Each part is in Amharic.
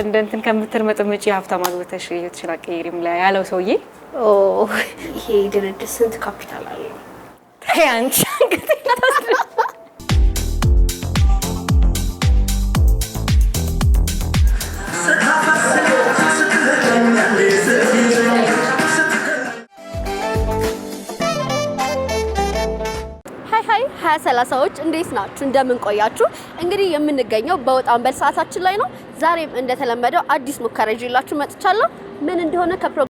እንደ እንትን ከምትርመጥምጪ ሀብታም አግብተሽ ህይወትሽን አትቀይሪም ያለው ሰውዬ ይሄ ድርድር ስንት ካፒታል አለው? አንቺ ሀያ ሰላሳዎች እንዴት ናችሁ? እንደምን ቆያችሁ? እንግዲህ የምንገኘው በወጣ አንበል ሰዓታችን ላይ ነው። ዛሬም እንደተለመደው አዲስ ሙከራ ይዤላችሁ መጥቻለሁ። ምን እንደሆነ ከፕሮ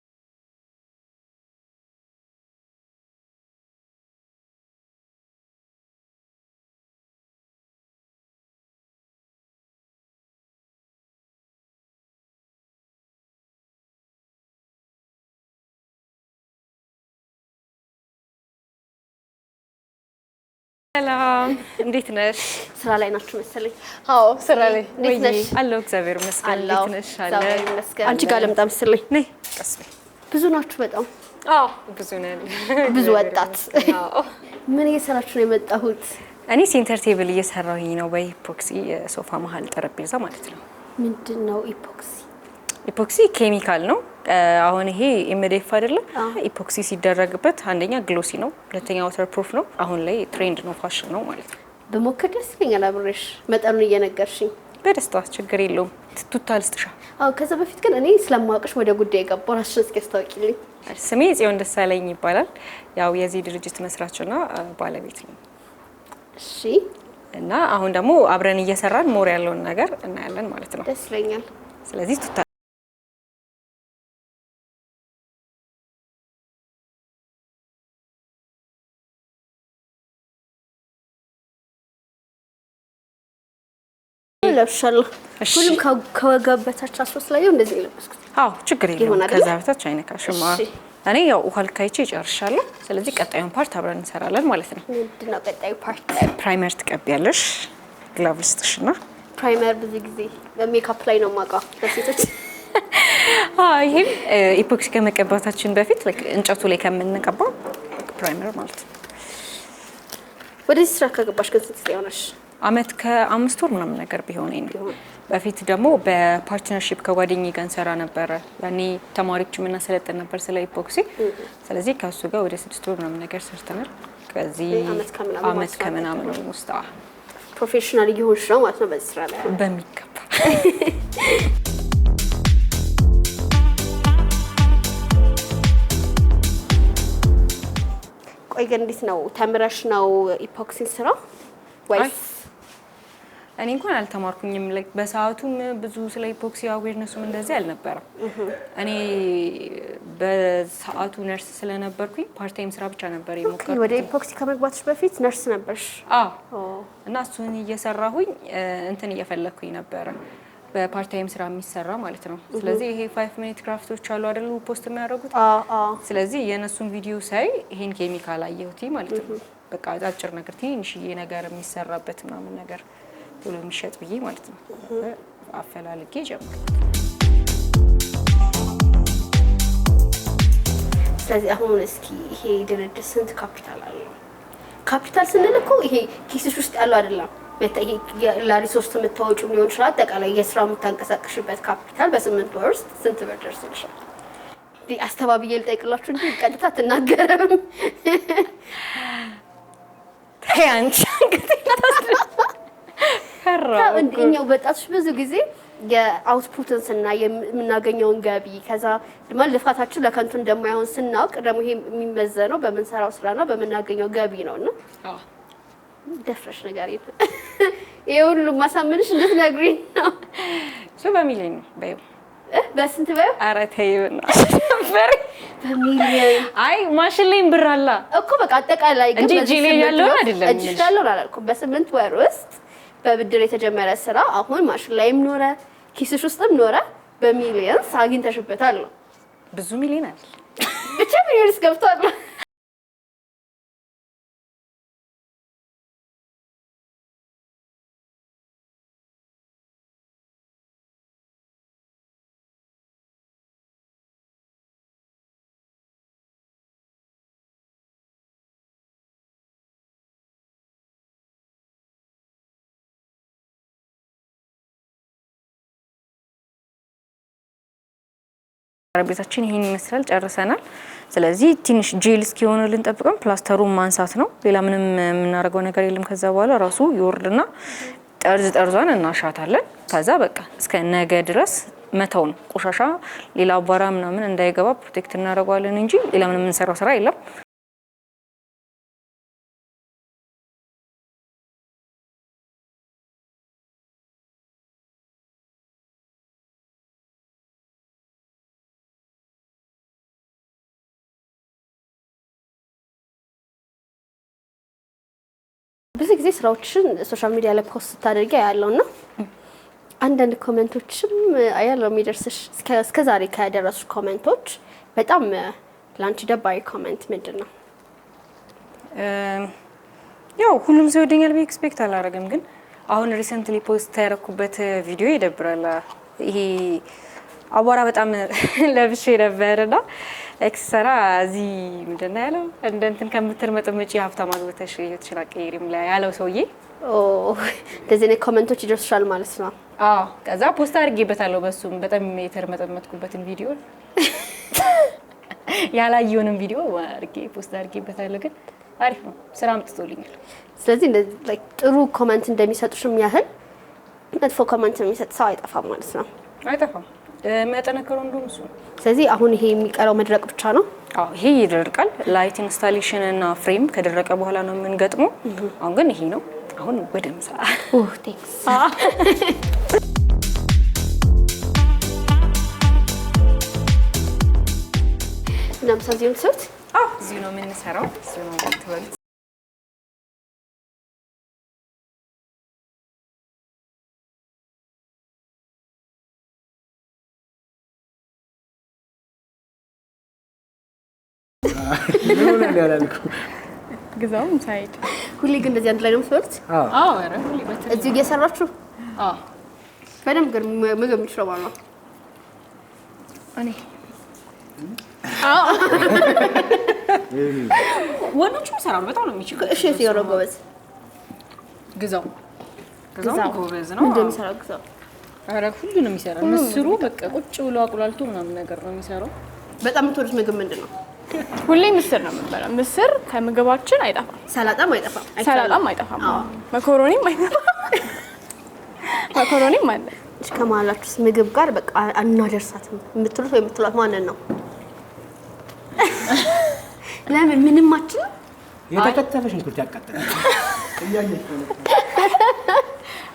ሰላም፣ እንዴት ነሽ? ስራ ላይ ናችሁ መሰለኝ? አዎ፣ ስራ ላይ እንዴት ነሽ? አለሁ፣ እግዚአብሔር ይመስገን። እንዴት ነሽ? አንቺ ጋር መሰለኝ። ነይ። ብዙ ናችሁ በጣም? አዎ፣ ብዙ ነን፣ ብዙ ወጣት። ምን እየሰራችሁ ነው የመጣሁት? እኔ ሴንተር ቴብል እየሰራሁኝ ነው፣ በኢፖክሲ የሶፋ መሀል ጠረጴዛ ማለት ነው። ምንድን ነው ኢፖክሲ? ኢፖክሲ ኬሚካል ነው አሁን ይሄ ኤምዴፍ አይደለም ኢፖክሲ ሲደረግበት አንደኛ ግሎሲ ነው፣ ሁለተኛ ወተር ፕሩፍ ነው። አሁን ላይ ትሬንድ ነው፣ ፋሽን ነው ማለት ነው። በሞክር ደስ ይለኛል። አብሬሽ መጠኑን እየነገርሽኝ በደስታ ችግር የለውም። ትቱታ ልስጥሻ። አዎ፣ ከዛ በፊት ግን እኔ ስለማወቅሽ ወደ ጉዳይ ገባ ራስሽን እስኪ ያስታውቂልኝ። ስሜ ጽዮን ደሳለኝ ይባላል። ያው የዚህ ድርጅት መስራችና ባለቤት ነው። እሺ። እና አሁን ደግሞ አብረን እየሰራን ሞር ያለውን ነገር እናያለን ማለት ነው። ደስ ይለኛል። ስለዚህ ቱታ ለብሻለሁ። ሁሉም ከወገብ በታች አስወስ ላይ እንደዚህ የለበስኩት። አዎ ችግር ከዛ በታች አይነካሽም። እኔ ያው ውሃ ልካይቼ ስለዚህ ቀጣዩን ፓርት አብረን እንሰራለን ማለት ነው። ምንድን ነው ቀጣዩ ፓርት? ፕራይመር ትቀቢያለሽ። ግላቭ ፕራይመር ብዙ ጊዜ በሜካፕ ላይ ነው የማውቀው በሴቶች ይህም ኢፖክሲ ከመቀባታችን በፊት እንጨቱ ላይ ከምንቀባው ፕራይመር ማለት ነው። ወደዚህ ስራ ከገባሽ ግን ስንት ሆነሽ? አመት ከአምስት ወር ምናምን ነገር ቢሆን ነው። በፊት ደግሞ በፓርትነርሺፕ ከጓደኝ ጋር እንሰራ ነበረ። ያኔ ተማሪዎች የምናሰለጥን ነበር ስለ ኢፖክሲ። ስለዚህ ከእሱ ጋር ወደ ስድስት ወር ምናምን ነገር ሰርተናል። ከዚህ አመት ከምናምን ውስጥ ፕሮፌሽናል እየሆንሽ ነው ማለት ነው በዚህ ስራ ላይ በሚገባ ቆይ ግን እንዴት ነው ተምረሽ ነው ኢፖክሲን ስራ ወይስ እኔ እንኳን አልተማርኩኝም። በሰዓቱም ብዙ ስለ ኢፖክሲ አዌርነሱም እንደዚህ አልነበረም። እኔ በሰዓቱ ነርስ ስለነበርኩኝ ፓርታይም ስራ ብቻ ነበር የሞከርኩት። ወደ ኢፖክሲ ከመግባትሽ በፊት ነርስ ነበርሽ? አዎ። እና እሱን እየሰራሁኝ እንትን እየፈለግኩኝ ነበረ በፓርታይም ስራ የሚሰራ ማለት ነው። ስለዚህ ይሄ ፋይቭ ሚኒት ክራፍቶች አሉ አይደሉ ፖስት የሚያደርጉት። ስለዚህ የእነሱን ቪዲዮ ሳይ ይሄን ኬሚካል አየሁት ማለት ነው። በቃ አጭር ነገር ትንሽዬ ነገር የሚሰራበት ምናምን ነገር ቶሎ የሚሸጥ ብዬ ማለት ነው አፈላልጌ ጀመርኩ። ስለዚህ አሁን እስኪ ይሄ ድርድር ስንት ካፒታል አለው። ካፒታል ስንል እኮ ይሄ ኪስሽ ውስጥ ያለው አይደለም። ለሪሶርስ የምታወጪው የሚሆን ይችላል። አጠቃላይ የስራ የምታንቀሳቀሽበት ካፒታል በስምንት ወር ውስጥ ስንት ብር ደርስ ይችላል? አስተባብዬ ልጠይቅላችሁ እ ቀጥታ አትናገርም። አንቺ እኛው በጣቶች ብዙ ጊዜ የአውትፑትን ስና የምናገኘውን ገቢ ከዛ ድማ ልፋታችን ለከንቱ እንደማይሆን ስናውቅ ደግሞ ይሄ የሚመዘነው በምንሰራው ስራና በምናገኘው ገቢ ነው እና ደፍረሽ ነገር የለም። ይሄ ሁሉ ማሳመንሽ እንድትነግሪኝ ነው። እሱ በሚሊዮን ነው በይው። በስንት በይው? ኧረ ተይው እና በሚሊዮን አይ ማሽን ላይም ብር አላ እኮ በቃ አጠቃላይ ግን እንጂ እጄ ያለውን አይደለም እጅሽ ያለውን አላልኩም። በስምንት ወር ውስጥ በብድር የተጀመረ ስራ አሁን ማሽን ላይም ኖረ ኪስሽ ውስጥም ኖረ በሚሊየንስ አግኝተሽበታል ነው። ብዙ ሚሊዮን አይደል? ብቻ ሚሊዮንስ ገብቷል። ጠረጴዛችን ይህን ይመስላል። ጨርሰናል። ስለዚህ ትንሽ ጄል እስኪሆን ልንጠብቅም ፕላስተሩን ማንሳት ነው። ሌላ ምንም የምናደርገው ነገር የለም። ከዛ በኋላ ራሱ ይወርድና ጠርዝ ጠርዟን እናሻታለን። ከዛ በቃ እስከ ነገ ድረስ መተው ነው። ቆሻሻ ሌላ አቧራ ምናምን እንዳይገባ ፕሮቴክት እናደርገዋለን እንጂ ሌላ ምንም የምንሰራው ስራ የለም። ብዙ ጊዜ ስራዎችን ሶሻል ሚዲያ ላይ ፖስት ስታደርጊ ያለው እና አንዳንድ ኮመንቶችም ያለው የሚደርስሽ እስከ ዛሬ ከደረሱሽ ኮመንቶች በጣም ለአንቺ ደባሪ ኮመንት ምንድን ነው? ያው ሁሉም ሰው ይወደኛል ብዬ ኤክስፔክት አላደረግም፣ ግን አሁን ሪሰንትሊ ፖስት ያደረኩበት ቪዲዮ ይደብራል። ይሄ አቧራ በጣም ለብሼ ነበርና ኤክስ እዚህ ምንድን ነው ያለው እንደ እንትን ከምትርመጥምጪ ሀብታም አግብተሽ ህይወትሽን አትቀይሪም ላይ ያለው ሰውዬ እንደዚህ አይነት ኮመንቶች ይደርሱሻል ማለት ነው። አዎ ከዛ ፖስት አድርጌበታለሁ። በሱም በጣም የተርመጠመጥኩበትን ቪዲዮ ያላየውንም ቪዲዮ አድርጌ ፖስት አድርጌበታለሁ። ግን አሪፍ ነው፣ ስራ አምጥቶልኛል። ስለዚህ ጥሩ ኮመንት እንደሚሰጡሽም ያህል መጥፎ ኮመንት የሚሰጥ ሰው አይጠፋም ማለት ነው። አይጠፋም የሚያጠነክረው እንደውም እሱ ነው። ስለዚህ አሁን ይሄ የሚቀረው መድረቅ ብቻ ነው። አዎ ይሄ ይደርቃል። ላይት ኢንስታሌሽን እና ፍሬም ከደረቀ በኋላ ነው የምንገጥመው። አሁን ግን ይሄ ነው። አሁን ወደ ምሳ ቴንክስ ምሳ እዚሁ ነው የምንሰራው። ያላልኩ ግዛውም ሳይድ ሁሌ ግን እንደዚህ አንድ ላይ ነው የምትበሉት? አዎ፣ ኧረ ሁሌ እዚሁ እየሰራችሁ? አዎ። በደንብ ግን ምግብ የምትችለው ባሏ እኔ። አዎ፣ ወንዶቹ ይሰራሉ፣ በጣም ነው የሚችለው። እሺ፣ እሺ የሆነ ጎበዝ ግዛው ግዛው ጎበዝ ነው እንደሚሰራው ግዛው። ኧረ ሁሉንም ይሰራል። ምስሩ በቃ ቁጭ ብሎ አቁላልቶ ምናምን ነገር ነው የሚሰራው። በጣም የምትወዱት ምግብ ምንድን ነው? ሁሌ ምስር ነው የምንበላው። ምስር ከምግባችን አይጠፋም። ሰላጣም አይጠፋም። ሰላጣም አይጠፋም። መኮሮኒም አይጠፋም። መኮሮኒም አለ። እሺ ከመሀላችሁስ ምግብ ጋር በቃ አናደርሳትም የምትሉት ወይ የምትሏት ማንን ነው? ለምን ምንማችን የተከተፈ ሽንኩርት ያቃጥላል።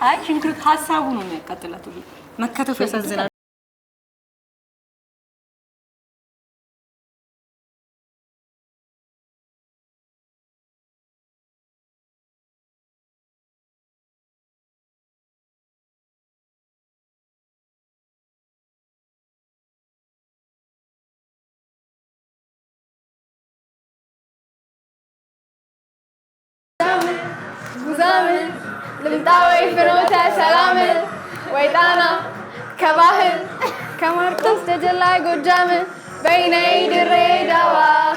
አይ ሽንኩርት ሀሳቡ ነው የሚያቃጥላት። መከተፉ ያሳዝናል። مزامل لمداوي فنوتا سلامل ويدانا كباهل كمرقص تجلى قدامه بين ايدي الريدوة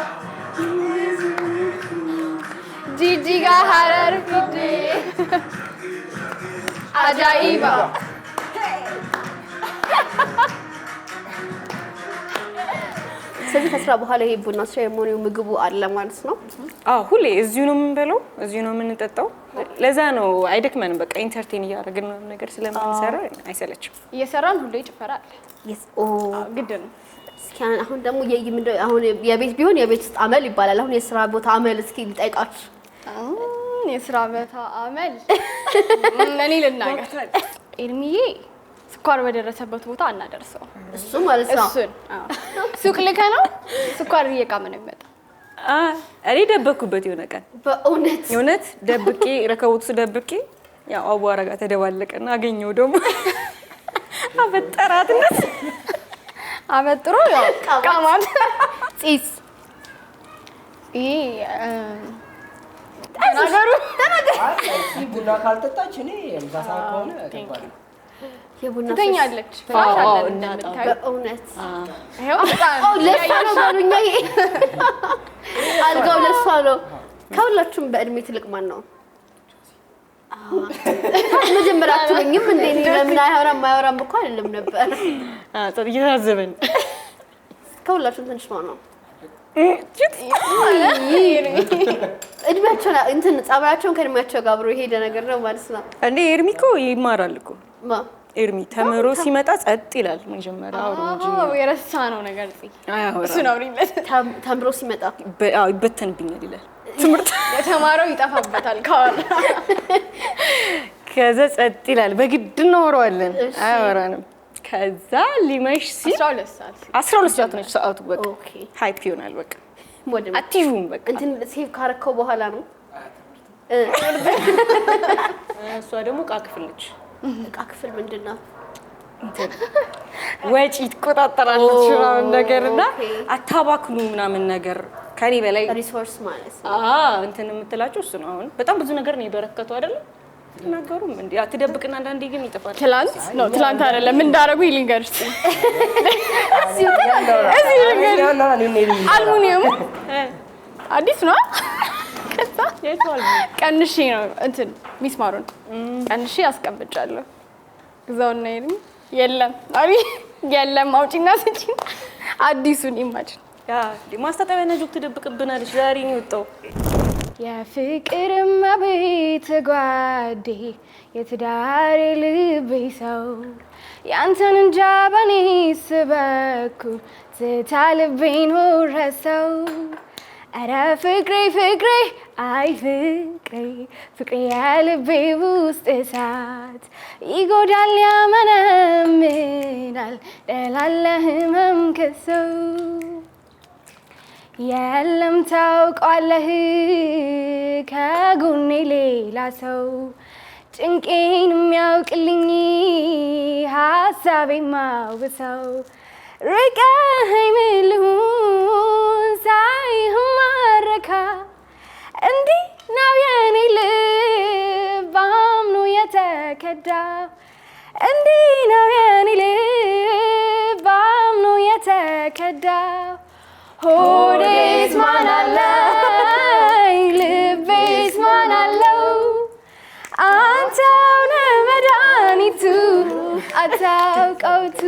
جي قهر رفضي عجائبة ስለዚህ ከስራ በኋላ ይሄ ቡና የሞኒው ምግቡ አለ ማለት ነው። አዎ ሁሌ እዚሁ ነው የምንበለው፣ እዚሁ ነው የምንጠጣው። ለዛ ነው አይደክመንም። በቃ ኢንተርቴን እያደረግን ነው ነገር ስለምንሰራ አይሰለችም። እየሰራን ሁሌ ጭፈራ አለ፣ ግድ ነው። አሁን ደግሞ አሁን የቤት ቢሆን የቤት ውስጥ አመል ይባላል። አሁን የስራ ቦታ አመል እስኪ ልጠይቃችሁ። የስራ ቦታ አመል እኔ ልናገር ኤልሚዬ ስኳር በደረሰበት ቦታ አናደርሰው። እሱ ማለት ነው። እሱን ሱቅ ልከ ነው ስኳር እየቃመ ነው የሚመጣው። እኔ ደበኩበት የሆነ ቀን በእውነት የእውነት ደብቄ ረከቦቱ ደብቄ ያው አቧራ ጋር ተደባለቀና አገኘው ደግሞ አበጠራትነት አበጥሮ ያው ቃማን ፂስ ተናገሩ ተናገሩ ቡና ካልጠጣች እኔ ምሳ ከሆነ ከሆነ የቡና ትተኛለች። ነው አልጋው ለእሷ ነው። ከሁላችሁም በእድሜ ትልቅ ማን ነው? መጀመሪያ አትሉኝም? እንደ ለምን አይሆናም? አይወራም እኮ አይደለም ነበር እየታዘብን። ከሁላችሁም ትንሽ ማን ነው? እድሜያቸው እንትን ጸባያቸውን ከእድሜያቸው ጋር አብሮ የሄደ ነገር ነው ማለት ነው። እንዴ ኤርሚ እኮ ይማራል እኮ ኤርሚ ተምሮ ሲመጣ ጸጥ ይላል። መጀመሪያ አውሮ እንጂ የረሳ ነው ነገር እሱ ነው። ተምሮ ሲመጣ ይበተንብኛል ይላል። ትምህርት የተማረው ይጠፋበታል ከኋላ ከዛ ጸጥ ይላል። በግድ እናወራዋለን፣ አያወራንም ከዛ ሊመሽ ሲል አስራ ሁለት ሰዓት ነች ሰዓቱ። በቃ ሀይፕ ይሆናል። በቃ አትይዥውም። በቃ እንትን ሴቭ ካረከው በኋላ ነው። እሷ ደግሞ እቃ ክፍል ነች። እቃ ክፍል ምንድን ነው? ወጪ ትቆጣጠራለች ምናምን ነገር እና አታባክኑ ምናምን ነገር ከኔ በላይ ሪሶርስ ማለት ነው እንትን የምትላቸው እሱ ነው። አሁን በጣም ብዙ ነገር ነው የበረከቱ አይደለም አትናገሩም እንዴ? አትደብቅና አንዳንዴ ግን ይጠፋል። ትላንት ነው ትላንት አይደለም ምን እንዳደረጉ ይልንገርሽ። አልሙኒየሙ አዲስ ነው። ቀንሺ ነው እንትን ሚስማሩን ቀንሺ አስቀምጫለሁ። ግዛውና ይልኝ የለም አቢ የለም አውጪና ስጪ አዲሱን ኢማጅን ማስታጠቢያ ነጆክ ትደብቅብናለች። ዛሬ ነው የወጣው የፍቅር መቤት ጓዴ የትዳሬ ልቤ ሰው ያንተን እንጃ በኔ ስበኩ ትታ ልቤን ወረሰው። እረ ፍቅሬ ፍቅሬ አይ ፍቅሬ ፍቅሬ የልቤ ውስጥ እሳት ይጎዳል ያመነምናል ደላለህመም ከሰው የለም ታውቃለህ ከጎኔ ሌላ ሰው ጭንቄን የሚያውቅልኝ ሀሳቤ ማውሰው ርቀኸኝ ምን ልሁን ማረካ እንዲህ ነው የኔ ልብ አምኖ የተከዳ እንዲህ ነው የኔ ልብ አምኖ የተከዳ Whole days live days man I low. I'm down i to, I talk out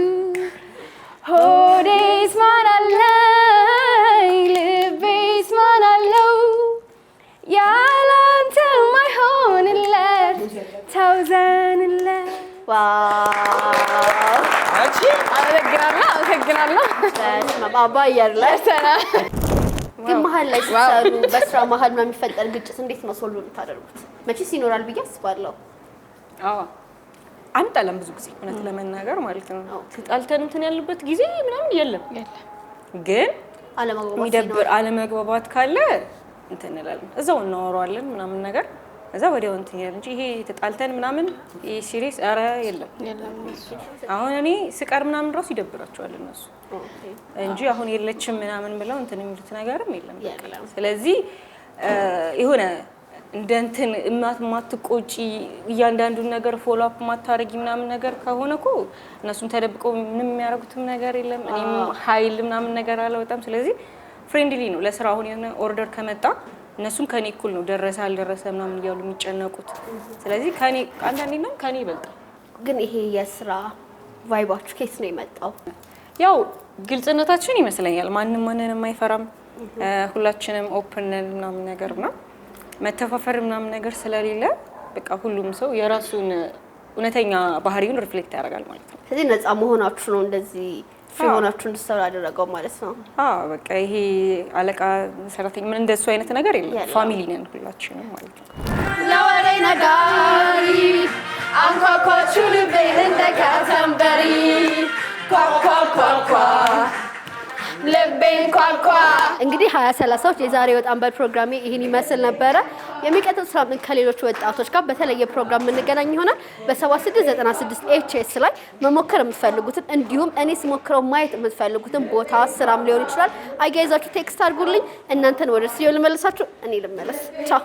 አይሰማም። አባ እያድላል ግን መሀል ላይ ሲሰሩ በስራ መሀል ምናምን የሚፈጠር ግጭት እንዴት ነው ሶልቭ የምታደርጉት? መቼስ ይኖራል ብዬ አስባለሁ። አንጣላም ብዙ ጊዜ እውነት ለመናገር ማለት ነው። ተጣልተን እንትን ያለበት ጊዜ ምናምን የለም። ግን አለመግባባት ካለ እንትን እንላለን፣ እዛው እናወራዋለን ምናምን ነገር ከዛ ወዲያው እንትን ይላል እንጂ ይሄ ተጣልተን ምናምን ይሄ ሲሪየስ ኧረ የለም። አሁን እኔ ስቀር ምናምን ራሱ ይደብራቸዋል እነሱ እንጂ አሁን የለችም ምናምን ብለው እንትን የሚሉት ነገርም የለም። ስለዚህ የሆነ እንደ እንትን ማትቆጪ እያንዳንዱን ነገር ፎሎ አፕ ማታረጊ ምናምን ነገር ከሆነ እኮ እነሱም ተደብቀው ምንም የሚያደርጉትም ነገር የለም። እኔም ሀይል ምናምን ነገር አለ በጣም ስለዚህ ፍሬንድሊ ነው ለስራ አሁን የሆነ ኦርደር ከመጣ እነሱም ከኔ እኩል ነው ደረሰ አልደረሰ ምናምን እያሉ የሚጨነቁት። ስለዚህ አንዳንዴ ነው ከኔ ይበልጣል። ግን ይሄ የስራ ቫይባችሁ ኬስ ነው የመጣው? ያው ግልጽነታችን ይመስለኛል። ማንም ማንንም አይፈራም። ሁላችንም ኦፕንን ምናምን ነገር ነው መተፋፈር ምናምን ነገር ስለሌለ በቃ ሁሉም ሰው የራሱን እውነተኛ ባህሪውን ሪፍሌክት ያደርጋል ማለት ነው። ስለዚህ ነፃ መሆናችሁ ነው እንደዚህ ፍሪ ሆናችሁ እንድትሰሩ ያደረገው ማለት ነው። አዎ በቃ ይሄ አለቃ ሰራተኛ ምን እንደሱ አይነት ነገር የለም። ፋሚሊ ነን ሁላችንም ማለት ነው። ለወሬ ነጋሪ አንኳኳችሁ ልቤን እንደ ከተምበሪ ኳኳኳኳ ልቤን ኳኳ። እንግዲህ ሀያ ሰላሳዎች የዛሬ ወጣን በል ፕሮግራሜ ይህን ይመስል ነበረ። የሚቀጥል ስራ ከሌሎች ወጣቶች ጋር በተለየ ፕሮግራም የምንገናኝ ይሆናል። በ7696 ኤችኤስ ላይ መሞከር የምትፈልጉትን እንዲሁም እኔ ስሞክረው ማየት የምትፈልጉትን ቦታ ስራም ሊሆን ይችላል አያይዛችሁ ቴክስት አድርጉልኝ። እናንተን ወደ ስዮ ልመለሳችሁ፣ እኔ ልመለስ። ቻው